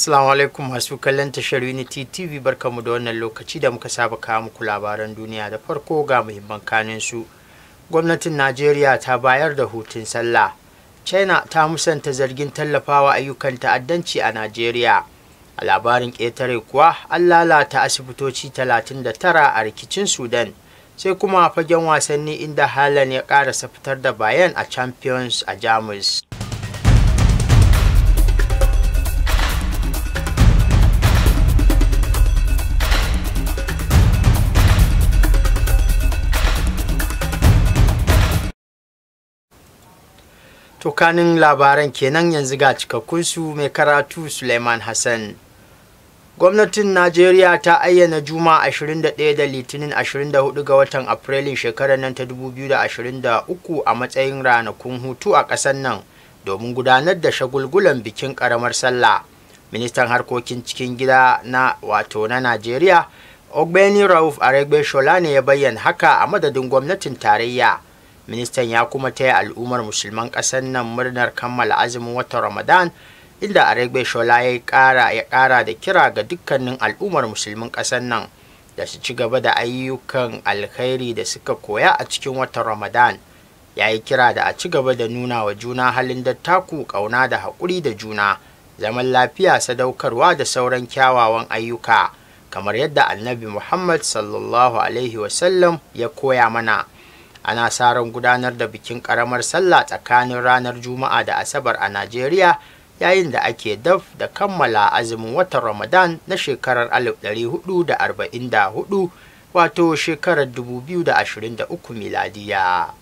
Assalamu alaikum masu kallon tashar Unity TV mu da wannan lokaci da muka saba kawo muku labaran duniya da farko ga muhimman kanin su. Gwamnatin Najeriya ta bayar da hutun sallah. China ta musanta zargin tallafawa ayyukan ta'addanci a Najeriya. A labarin ƙetare kuwa an lalata asibitoci 39 a rikicin Sudan. Sai kuma fagen wasanni inda Haaland ya ƙara fitar da bayan a Champions a Jamus. To labaran kenan yanzu ga cikakkun su mai karatu Suleiman Hassan. Gwamnatin Najeriya ta ayyana Juma 21 da Litinin 24 ga watan Afrilun shekarar nan ta 2023 a matsayin ranakun hutu a ƙasar nan domin gudanar da shagulgulan bikin ƙaramar sallah. Ministan harkokin cikin gida na wato na Najeriya, Ogbeni Rauf Aregbe Shola ne ya bayyana haka a madadin gwamnatin tarayya. ministan ya kuma taya al'ummar musulman ƙasar nan murnar kammala azumin watan ramadan inda a arebe shola ya ƙara ya ƙara da kira ga dukkanin al'ummar Musulman ƙasar nan da su ci gaba da ayyukan alkhairi da suka koya a cikin watan ramadan ya yi kira da a ci gaba da nuna wa juna halin dattaku ƙauna da haƙuri da juna zaman lafiya sadaukarwa da sauran kyawawan ayyuka kamar yadda annabi muhammad sallallahu alaihi wasallam ya koya mana ana sa ran gudanar da bikin karamar sallah tsakanin ranar juma'a da asabar a najeriya yayin da ake daf da kammala azumin watan ramadan na shekarar 1444 wato shekarar 2023 miladiya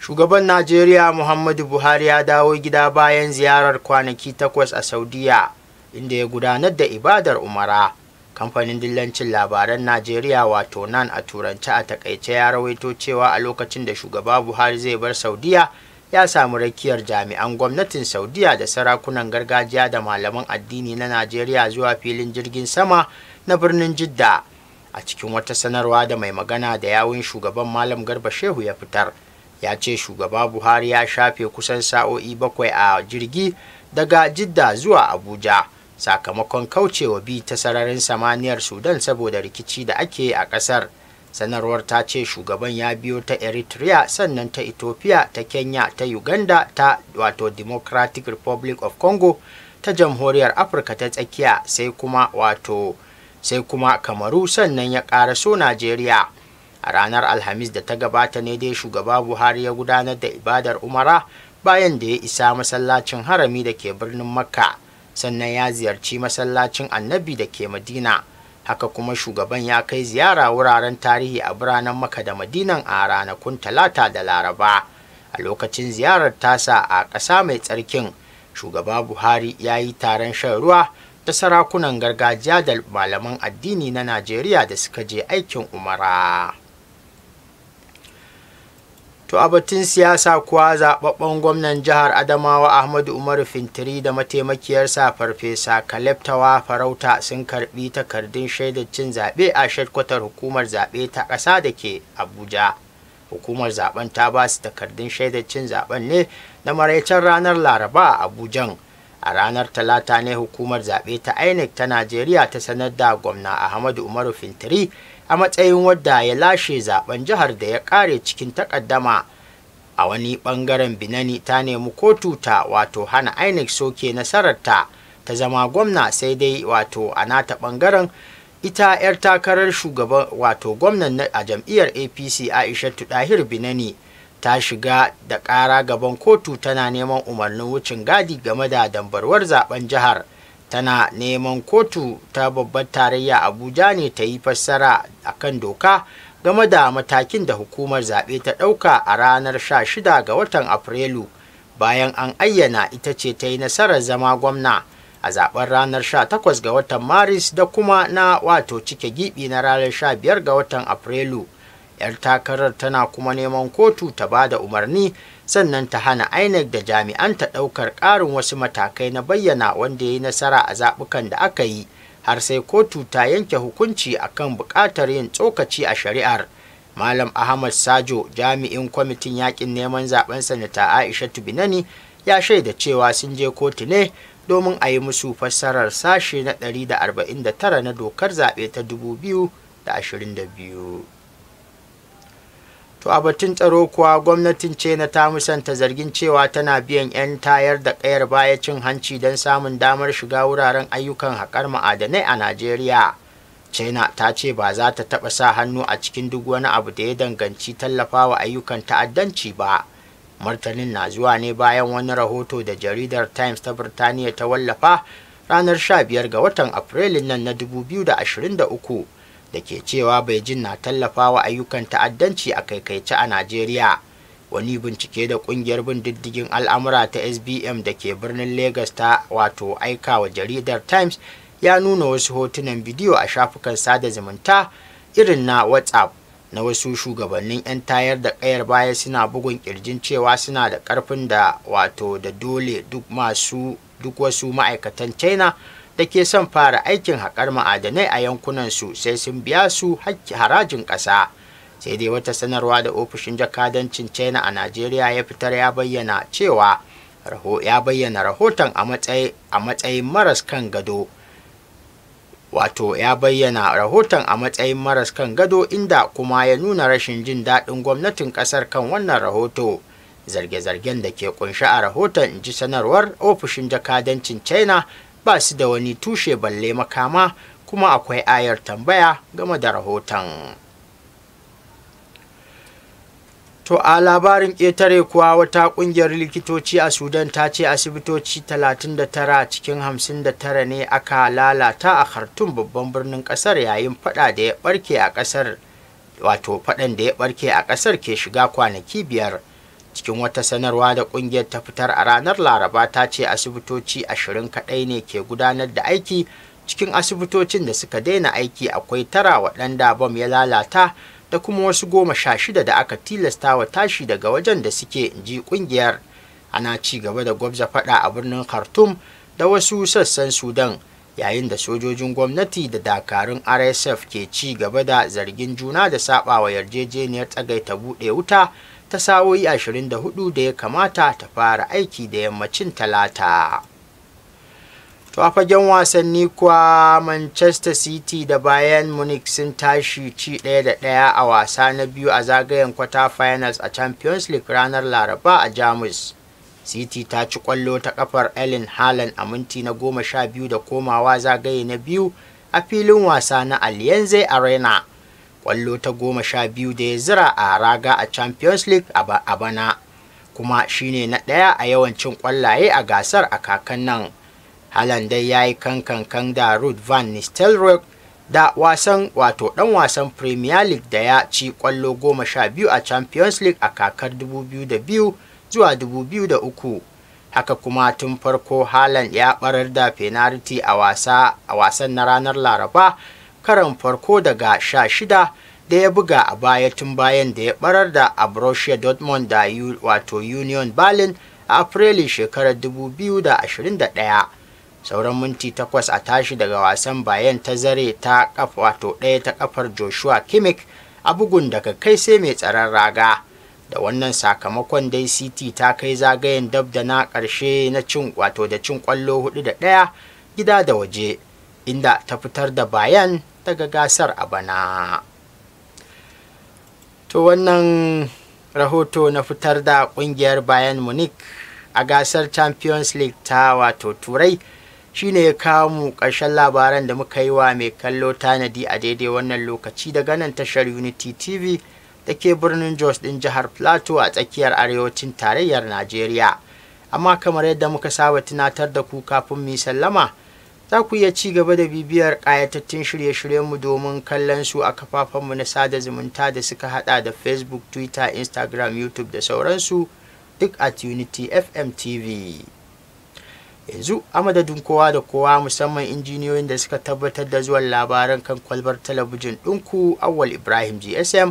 shugaban najeriya muhammadu buhari ya dawo gida bayan ziyarar kwanaki takwas a saudiya inda ya gudanar da ibadar umara kamfanin dillancin labaran najeriya wato nan a turance a takaice ya rawaito cewa a lokacin da shugaba buhari zai bar saudiya ya samu rakiyar jami'an gwamnatin saudiya da sarakunan gargajiya da malaman addini na najeriya zuwa filin jirgin sama na birnin jidda a cikin wata sanarwa da mai magana da yawun shugaban malam garba shehu ya fitar ya ce shugaba buhari ya shafe kusan sa'o'i bakwai a jirgi daga jidda zuwa abuja sakamakon kaucewa bi ta sararin samaniyar sudan saboda rikici da ake a ƙasar sanarwar ta ce shugaban ya biyo ta eritrea sannan ta ethiopia ta kenya ta uganda ta wato democratic republic of congo ta jamhuriyar afirka ta tsakiya sai kuma wato sai kuma kamaru sannan ya so najeriya a ranar alhamis da ta gabata ne dai shugaba buhari ya gudanar da ibadar umara bayan da ya isa masallacin harami da ke birnin makka sannan ya ziyarci masallacin annabi da ke madina haka kuma shugaban ya kai ziyara wuraren tarihi a biranen maka da madinan a ranakun talata da laraba a lokacin ziyarar tasa a ƙasa mai tsarkin shugaba buhari ya yi taron shan ruwa ta sarakunan gargajiya da malaman addini na najeriya da suka je aikin umara to a batun siyasa kuwa zababben gwamnan jihar adamawa ahmadu umar fintiri da mataimakiyarsa farfesa kaleftawa farauta sun karbi takardun shaidar cin zaɓe a shadkwatar hukumar zaɓe ta ƙasa da ke abuja hukumar zaɓen ta ba su takardun shaidar cin zaben ne na maraicen ranar laraba a abujan a ranar talata ne hukumar zaɓe ta inec ta najeriya ta sanar da gwamna ahmadu umaru fintiri a matsayin wadda ya lashe zaben jihar da ya kare cikin takaddama a wani bangaren binani ta nemi kotu ta wato hana inec soke nasarar ta ta zama gwamna sai dai wato a nata bangaren ita 'yar takarar shugaban wato gwamnan a jam'iyyar apc aishatu dahir binani ta shiga da ƙara gaban kotu tana neman umarnin wucin gadi game da dambarwar zaben jihar tana neman kotu ta babbar tarayya abuja ne ta yi fassara a kan doka game da matakin da hukumar zaɓe ta ɗauka a ranar 16 ga watan afrilu bayan an ayyana ita ce ta yi nasarar zama gwamna a zaben ranar 18 ga watan maris da kuma na wato cike giɓi na ranar 15 ga watan afrilu 'yar takarar tana kuma neman kotu ta ba da umarni sannan ta hana inec da jami'an ta ɗaukar ƙarin wasu matakai na bayyana wanda ya yi nasara a zaɓukan da aka yi har sai kotu ta yanke hukunci akan buƙatar yin tsokaci a shari'ar malam ahmad sajo jami'in kwamitin yakin neman zaɓen sanata aisha tubinani ya shaida cewa sun je kotu ne domin a yi musu fassarar sashe na 149 na dokar zaɓe ta 2022 to a batun tsaro kuwa gwamnatin china ta musanta zargin cewa tana biyan 'yan tayar da kayar baya cin hanci don samun damar shiga wuraren ayyukan haƙar ma'adanai a najeriya china ta ce ba za ta taɓa sa hannu a cikin duk wani abu da ya danganci tallafawa ayyukan ta'addanci ba martanin na zuwa ne bayan wani rahoto da jaridar times ta birtaniya ta wallafa ranar 15 ga watan afrilun nan na 2023 da ke cewa beijing na tallafawa ayyukan ta'addanci a kaikaice a najeriya wani bincike da kungiyar bin diddigin al'amura ta sbm da ke birnin lagos ta wato aika wa jaridar times ya nuna wasu hotunan bidiyo a shafukan sada zumunta irin na whatsapp na wasu shugabannin 'yan tayar da kayar baya suna bugun kirjin cewa suna da karfin da wato da dole duk masu duk wasu ma'aikatan china da ke son fara aikin haƙar ma'adanai a yankunan su sai sun biya su harajin ƙasa sai dai wata sanarwa da ofishin jakadancin china a najeriya ya fitar ya bayyana cewa ya bayyana rahoton a matsayin maras kan gado wato ya bayyana rahoton a matsayin maras kan gado inda kuma ya nuna rashin jin daɗin gwamnatin ƙasar kan wannan rahoto zarge-zargen da ke kunshi a rahoton in ji sanarwar ofishin jakadancin china ba su da wani tushe balle makama kuma akwai ayar tambaya game da rahoton to a labarin ƙetare kuwa wata ƙungiyar likitoci a sudan ta ce asibitoci 39 cikin 59 ne aka lalata a khartoum babban birnin ƙasar yayin fada da ya barke a ƙasar wato faɗan da ya barke a ƙasar ke shiga kwanaki biyar cikin wata sanarwa da kungiyar ta fitar a ranar laraba ta ce asibitoci ashirin kaɗai ne ke gudanar da aiki cikin asibitocin da suka daina aiki akwai tara waɗanda bom ya lalata da kuma wasu goma sha shida da aka tilasta wa tashi daga wajen da suke ji kungiyar ana ci gaba da gwabza faɗa a birnin khartoum da wasu sassan sudan yayin da sojojin gwamnati da dakarun rsf ke ci gaba da zargin juna da saɓawa yarjejeniyar tsagaita buɗe wuta ta sa'o'i 24 da ya kamata ta fara aiki da yammacin talata to a fagen wasanni kuwa manchester city da Bayern munich sun tashi ci ɗaya da ɗaya a wasa na biyu a zagayen kwata finals a champions league ranar laraba a jamus city ta ci kwallo ta kafar ellen haaland a minti na goma sha biyu da komawa zagaye na biyu a filin wasa na allianz arena kwallo ta goma sha biyu da ya zira a raga a champions league a bana kuma shine na ɗaya a yawancin kwallaye a gasar a kakan nan halan dai ya yi kankan da ruth van nistelrooy da wasan wato ɗan wasan premier league da ya ci kwallo goma sha biyu a champions league a kakar 2002 zuwa 2003 haka kuma tun farko halan ya barar da penalty a wasa a wasan na ranar laraba karan farko daga sha shida da ya buga a baya tun bayan da ya barar da a Borussia Dortmund da wato Union Berlin a Afrilu shekarar 2021. Sauran minti takwas a tashi daga wasan bayan ta zare ta kafa wato ɗaya ta kafar Joshua Kimmich a bugun daga kai sai mai tsaron raga. Da wannan sakamakon dai City ta kai zagayen dab da na ƙarshe na cin wato da cin kwallo hudu da ɗaya gida da waje inda ta fitar da bayan daga gasar a bana to wannan rahoto na fitar da kungiyar bayan munich a gasar champions league ta wato turai shine ya kawo mu ƙarshen labaran da muka yi wa mai kallo tanadi a daidai wannan lokaci daga nan tashar unity tv da ke birnin jos ɗin jihar plateau a tsakiyar arewacin tarayyar najeriya amma kamar yadda muka saba tunatar da ku kafin mu sallama za ku iya ci gaba da bibiyar ƙayatattun shirye-shiryenmu domin kallon su a kafafenmu na sada zumunta da suka hada da facebook twitter instagram youtube da sauransu duk at unity fm tv yanzu a madadin kowa da kowa musamman injiniyoyin da suka tabbatar da zuwan labaran kan kwalbar talabijin ɗinku awwal ibrahim gsm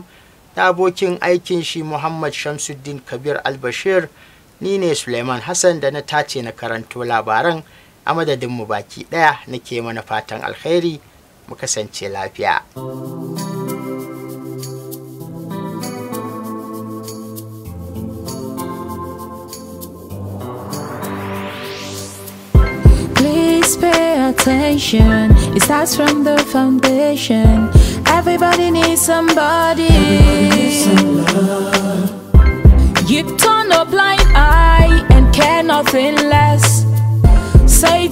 da abokin aikin shi muhammad shamsuddin kabir albashir ni ne suleiman hassan da na tace na karanto labaran a madadinmu baki ɗaya nake mana fatan alkhairi mu kasance lafiya. Please pay attention, it starts from the foundation. Everybody needs somebody. Everybody needs some you turn a blind eye and care nothing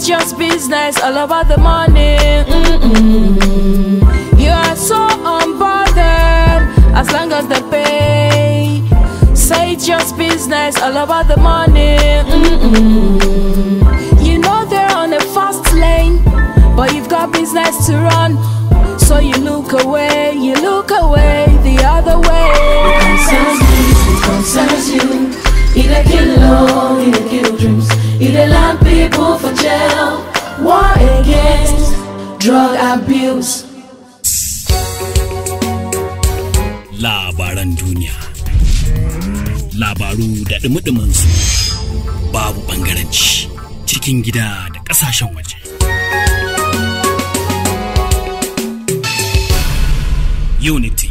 it's just business all about the money mm -mm. You are so unbothered as long as they pay Say it's just business all about the money mm You know they're on a fast lane But you've got business to run So you look away, you look away the other way He the kill alone, he the kill dreams. He the land people for jail. War against drug abuse. Labaran duniya. Labaru da dumi su babu ɓangaranci cikin gida da ƙasashen waje. Unity.